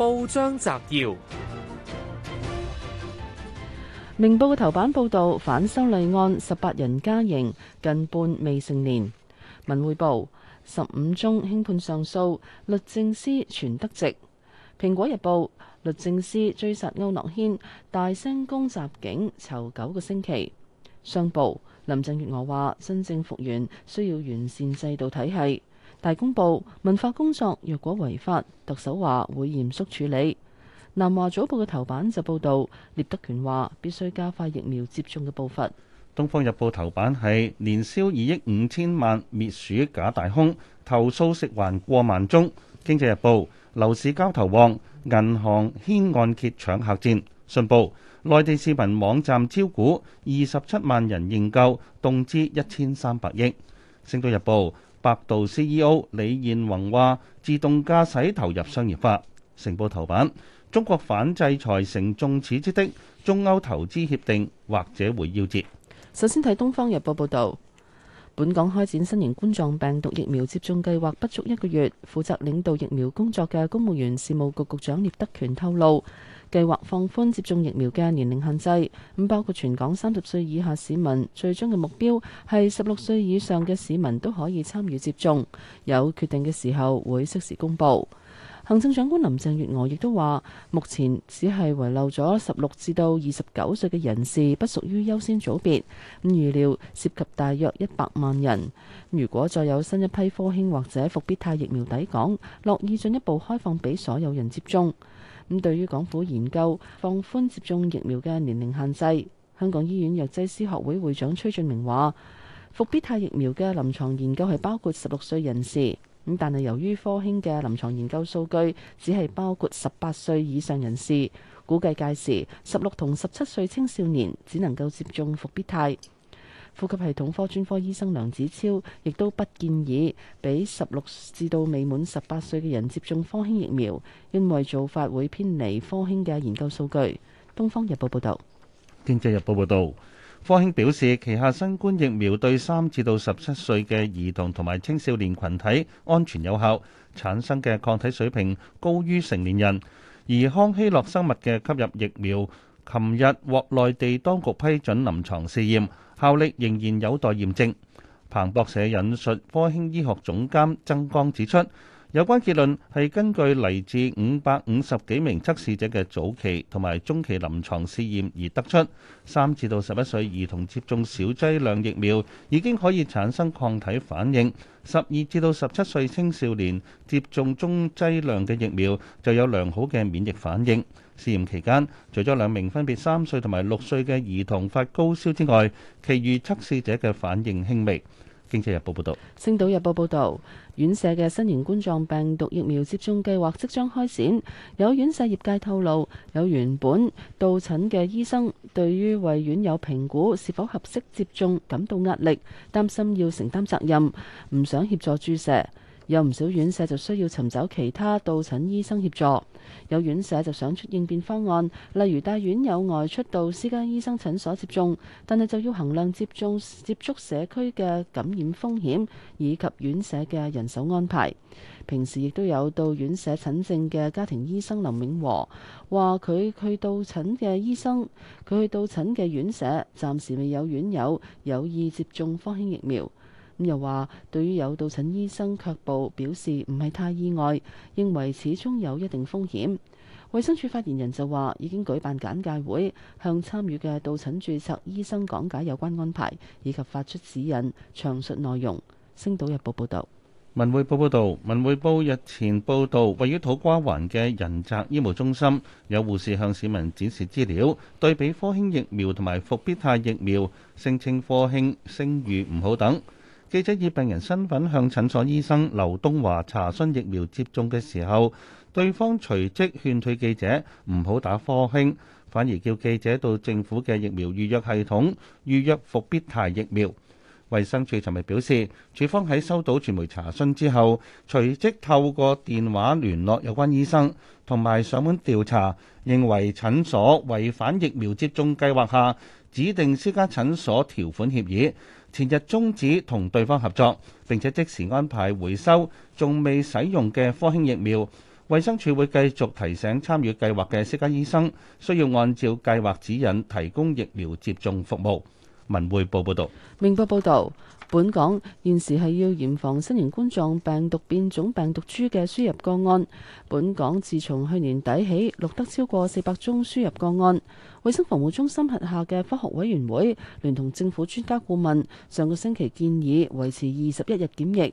報章摘要：明報嘅頭版報道反修例案十八人加刑，近半未成年。文匯報十五宗輕判上訴，律政司全得直。蘋果日報律政司追殺歐樂軒，大聲攻襲警，囚九個星期。商報林鄭月娥話：新政復原需要完善制度體系。大公報文化工作若果違法，特首話會嚴肅處理。南華早報嘅頭版就報道，聶德權話必須加快疫苗接種嘅步伐。《東方日報》頭版係年銷二億五千萬滅鼠假大空，投訴食環過萬宗。《經濟日報》樓市交投旺，銀行牽按揭，揭搶客戰。《信報》內地視頻網站招股二十七萬人認購，動資一千三百億。《星島日報》百度 CEO 李彥宏話：自動駕駛投入商業化。成報頭版，中國反制裁成眾矢之的，中歐投資協定或者會夭折。首先睇《東方日報》報道。本港開展新型冠狀病毒疫苗接種計劃不足一個月，負責領導疫苗工作嘅公務員事務局局長聶德權透露，計劃放寬接種疫苗嘅年齡限制，咁包括全港三十歲以下市民。最終嘅目標係十六歲以上嘅市民都可以參與接種，有決定嘅時候會適時公佈。行政長官林鄭月娥亦都話：目前只係遺漏咗十六至到二十九歲嘅人士，不屬於優先組別。咁預料涉及大約一百萬人。如果再有新一批科興或者復必泰疫苗抵港，樂意進一步開放俾所有人接種。咁對於港府研究放寬接種疫苗嘅年齡限制，香港醫院藥劑師學會會長崔俊明話：復必泰疫苗嘅臨床研究係包括十六歲人士。但係由於科興嘅臨床研究數據只係包括十八歲以上人士，估計屆時十六同十七歲青少年只能夠接種復必泰。呼吸系統科專科醫生梁子超亦都不建議俾十六至到未滿十八歲嘅人接種科興疫苗，因為做法會偏離科興嘅研究數據。東方日報報道，經濟日報報道。科興表示，旗下新冠疫苗對三至到十七歲嘅兒童同埋青少年群體安全有效，產生嘅抗體水平高於成年人。而康希諾生物嘅吸入疫苗，琴日獲內地當局批准臨床試驗，效力仍然有待驗證。彭博社引述科興醫學總監曾光指出。有關結論係根據嚟自五百五十幾名測試者嘅早期同埋中期臨床試驗而得出：三至到十一歲兒童接種小劑量疫苗已經可以產生抗體反應；十二至到十七歲青少年接種中劑量嘅疫苗就有良好嘅免疫反應。試驗期間，除咗兩名分別三歲同埋六歲嘅兒童發高燒之外，其餘測試者嘅反應輕微。《經濟日報》報導，《星島日報》報道，院舍嘅新型冠狀病毒疫苗接種計劃即將開展。有院舍業界透露，有原本到診嘅醫生對於為院友評估是否合適接種感到壓力，擔心要承擔責任，唔想協助注射。有唔少院舍就需要尋找其他到診醫生協助，有院舍就想出應變方案，例如帶院友外出到私家醫生診所接種，但係就要衡量接種接觸社區嘅感染風險以及院舍嘅人手安排。平時亦都有到院舍診症嘅家庭醫生林永和話：佢去到診嘅醫生，佢去到診嘅院舍，暫時未有院友有意接種科興疫苗。咁又話，對於有到診醫生卻步，表示唔係太意外，認為始終有一定風險。衛生署發言人就話，已經舉辦簡介會，向參與嘅到診註冊醫生講解有關安排，以及發出指引詳述內容。星島日報報導，文匯報報導，文匯報日前報導，位於土瓜灣嘅仁澤醫務中心有護士向市民展示資料，對比科興疫苗同埋復必泰疫苗，聲稱科興聲譽唔好等。記者以病人身份向診所醫生劉東華查詢疫苗接種嘅時候，對方隨即勸退記者，唔好打科興，反而叫記者到政府嘅疫苗預約系統預約復必泰疫苗。衛生署尋日表示，署方喺收到傳媒查詢之後，隨即透過電話聯絡有關醫生，同埋上門調查，認為診所違反疫苗接種計劃下指定私家診所條款協議。前日終止同對方合作，並且即時安排回收仲未使用嘅科興疫苗。衛生署會繼續提醒參與計劃嘅私家醫生，需要按照計劃指引提供疫苗接種服務。文匯報報道。明報報導。本港現時係要嚴防新型冠狀病毒變種病毒株嘅輸入個案。本港自從去年底起錄得超過四百宗輸入個案。衛生防護中心轄下嘅科學委員會聯同政府專家顧問，上個星期建議維持二十一日檢疫。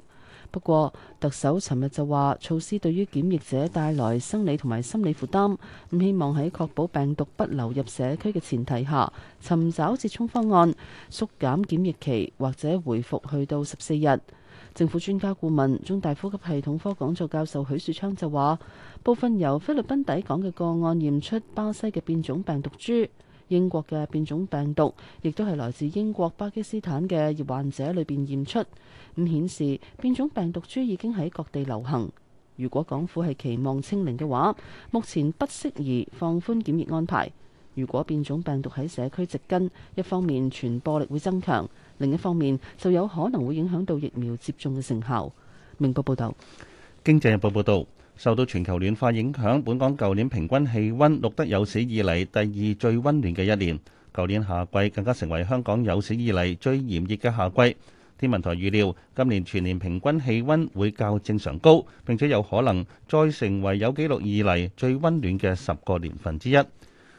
不過，特首尋日就話，措施對於檢疫者帶來生理同埋心理負擔，咁希望喺確保病毒不流入社區嘅前提下，尋找折衷方案，縮減檢疫期或者回復去到十四日。政府專家顧問、中大呼吸系統科講座教授許樹昌就話，部分由菲律賓抵港嘅個案驗出巴西嘅變種病毒株。英國嘅變種病毒亦都係來自英國、巴基斯坦嘅患者裏邊驗出，咁顯示變種病毒株已經喺各地流行。如果港府係期望清零嘅話，目前不適宜放寬檢疫安排。如果變種病毒喺社區植根，一方面傳播力會增強，另一方面就有可能會影響到疫苗接種嘅成效。明報報導。《經濟日報》報導。受到全球暖化影響，本港舊年平均氣温錄得有史以嚟第二最温暖嘅一年。舊年夏季更加成為香港有史以嚟最炎熱嘅夏季。天文台預料，今年全年平均氣温會較正常高，並且有可能再成為有記錄以嚟最温暖嘅十個年份之一。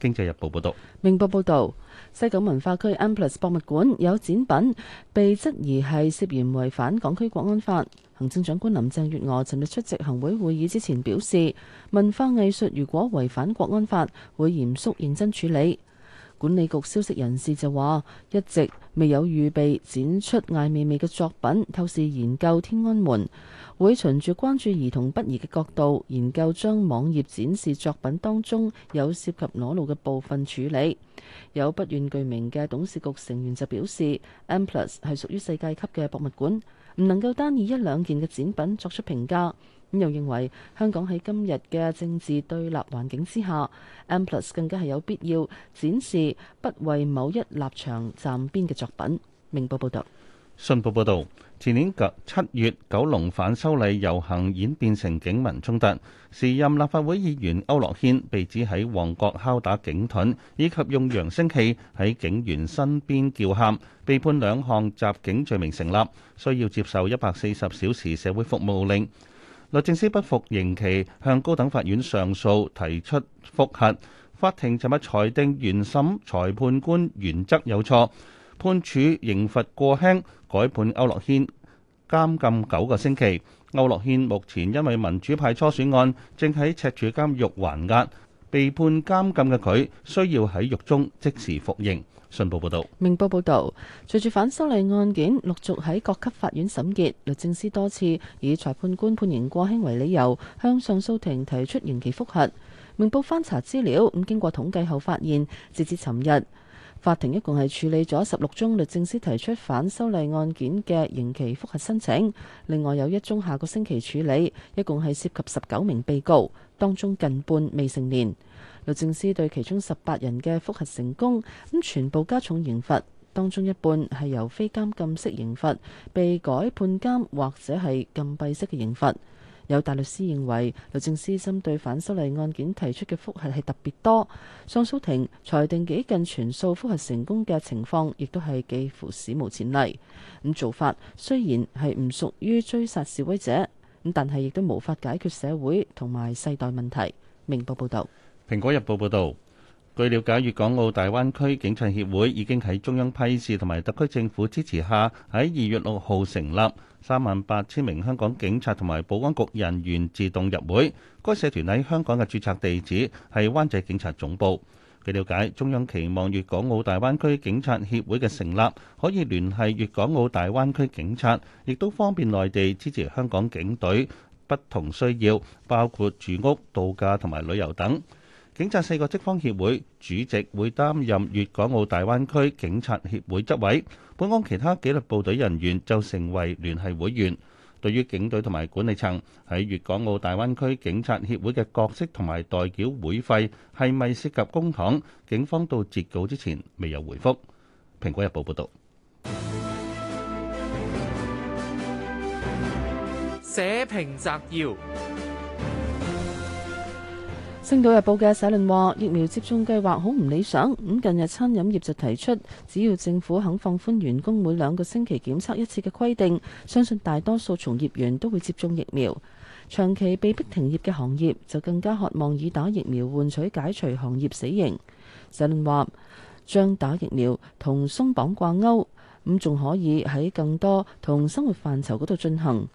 經濟日報報道，明報報道，西九文化區 Mplus 博物館有展品，被質疑係涉嫌違反港區國安法。行政長官林鄭月娥尋日出席行會會議之前表示，文化藝術如果違反國安法，會嚴肅認真處理。管理局消息人士就話，一直未有預備展出艾未未嘅作品，透視研究天安門會循住關注兒童不宜嘅角度，研究將網頁展示作品當中有涉及裸露嘅部分處理。有不願具名嘅董事局成員就表示，M+ 係屬於世界級嘅博物館。唔能夠單以一兩件嘅展品作出評價，咁又認為香港喺今日嘅政治對立環境之下，M+ 更加係有必要展示不為某一立場站邊嘅作品。明報報道。信報報導，前年七月，九龍反修例遊行演變成警民衝突，時任立法會議員區諾軒被指喺旺角敲打警盾，以及用揚聲器喺警員身邊叫喊，被判兩項襲警罪名成立，需要接受一百四十小時社會服務令。律政司不服刑期，向高等法院上訴提出覆核，法庭尋日裁定原審裁判官原則有錯。判處刑罰過輕，改判區諾軒監禁九個星期。區諾軒目前因為民主派初選案，正喺赤柱監獄還押。被判監禁嘅佢，需要喺獄中即時服刑。信報報導，明報報導，隨住反修例案件陸續喺各級法院審結，律政司多次以裁判官判刑過輕為理由，向上訴庭提出刑期覆核。明報翻查資料，咁經過統計後發現，截至尋日，法庭一共係處理咗十六宗律政司提出反修例案件嘅刑期覆核申請，另外有一宗下個星期處理，一共係涉及十九名被告，當中近半未成年。律政司對其中十八人嘅覆核成功，咁全部加重刑罰，當中一半係由非監禁式刑罰被改判監或者係禁閉式嘅刑罰。有大律師認為，律政司針對反修例案件提出嘅覆核係特別多，上訴庭裁定幾近全數覆核成功嘅情況，亦都係幾乎史無前例。咁做法雖然係唔屬於追殺示威者，咁但係亦都無法解決社會同埋世代問題。明報報道。《蘋果日報》報道。據了解，粵港澳大灣區警察協會已經喺中央批示同埋特區政府支持下，喺二月六號成立，三萬八千名香港警察同埋保安局人員自動入會。該社團喺香港嘅註冊地址係灣仔警察總部。據了解，中央期望粵港澳大灣區警察協會嘅成立，可以聯繫粵港澳大灣區警察，亦都方便內地支持香港警隊不同需要，包括住屋、度假同埋旅遊等。警察四個職方協會主席會擔任粵港澳大灣區警察協會執委，本港其他紀律部隊人員就成為聯繫會員。對於警隊同埋管理層喺粵港澳大灣區警察協會嘅角色同埋代繳會費係咪涉及公帑，警方到截稿之前未有回覆。蘋果日報報道。社評摘要。《星島日報》嘅社論話：疫苗接種計劃好唔理想。咁近日餐飲業就提出，只要政府肯放寬員工每兩個星期檢測一次嘅規定，相信大多數從業員都會接種疫苗。長期被迫停業嘅行業就更加渴望以打疫苗換取解除行業死刑。社論話將打疫苗同鬆綁掛鈎，咁仲可以喺更多同生活範疇嗰度進行，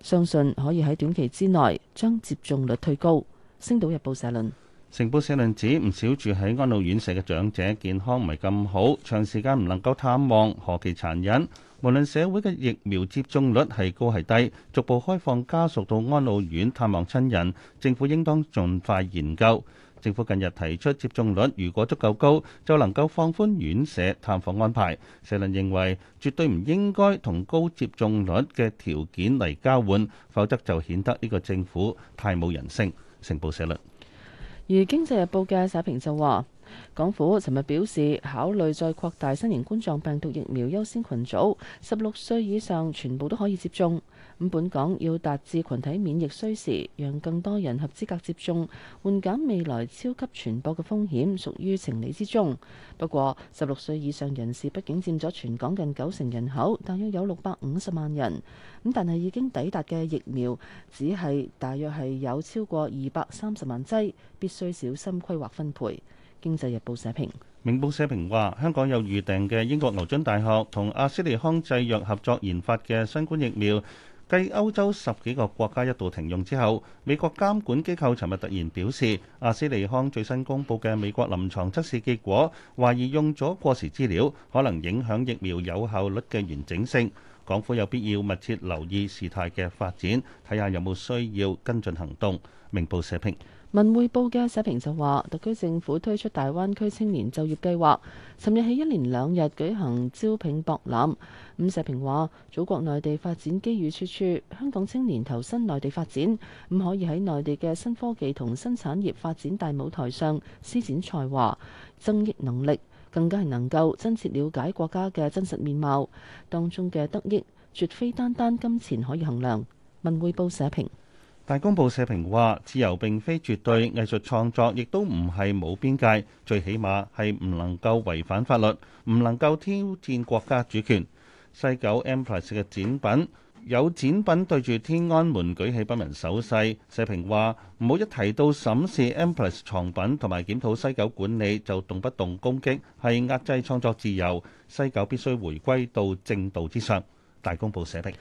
相信可以喺短期之內將接種率推高。星島日報社論：成報社論指唔少住喺安老院舍嘅長者健康唔係咁好，長時間唔能夠探望，何其殘忍！無論社會嘅疫苗接種率係高係低，逐步開放家屬到安老院探望親人，政府應當盡快研究。政府近日提出接種率如果足夠高，就能夠放寬院舍探訪安排。社論認為絕對唔應該同高接種率嘅條件嚟交換，否則就顯得呢個政府太冇人性。成報社論，而經濟日報嘅社評就話。港府尋日表示，考慮再擴大新型冠狀病毒疫苗優先群組，十六歲以上全部都可以接種。咁本港要達至群體免疫需時，讓更多人合資格接種，緩減未來超級傳播嘅風險，屬於情理之中。不過，十六歲以上人士畢竟佔咗全港近九成人口，大約有六百五十萬人。咁但係已經抵達嘅疫苗只係大約係有超過二百三十萬劑，必須小心規劃分配。經濟日報社評，明報社評話，香港有預訂嘅英國牛津大學同阿斯利康製藥合作研發嘅新冠疫苗，繼歐洲十幾個國家一度停用之後，美國監管機構尋日突然表示，阿斯利康最新公布嘅美國臨床測試結果，懷疑用咗過時資料，可能影響疫苗有效率嘅完整性。港府有必要密切留意事態嘅發展，睇下有冇需要跟進行動。明報社評。文匯報嘅社評就話，特區政府推出大灣區青年就業計劃，尋日起一連兩日舉行招聘博覽。伍、嗯、社評話：祖國內地發展機遇處處，香港青年投身內地發展，唔、嗯、可以喺內地嘅新科技同新產業發展大舞台上施展才華、增益能力，更加係能夠真切了解國家嘅真實面貌當中嘅得益，絕非單單金錢可以衡量。文匯報社評。大公報社評話：自由並非絕對，藝術創作亦都唔係冇邊界，最起碼係唔能夠違反法律，唔能夠挑戰國家主權。西九 M+ 嘅展品有展品對住天安門舉起不文手勢，社評話：唔好一提到審視 M+ 藏品同埋檢討西九管理就動不動攻擊，係壓制創作自由。西九必須回歸到正道之上。大公報社評。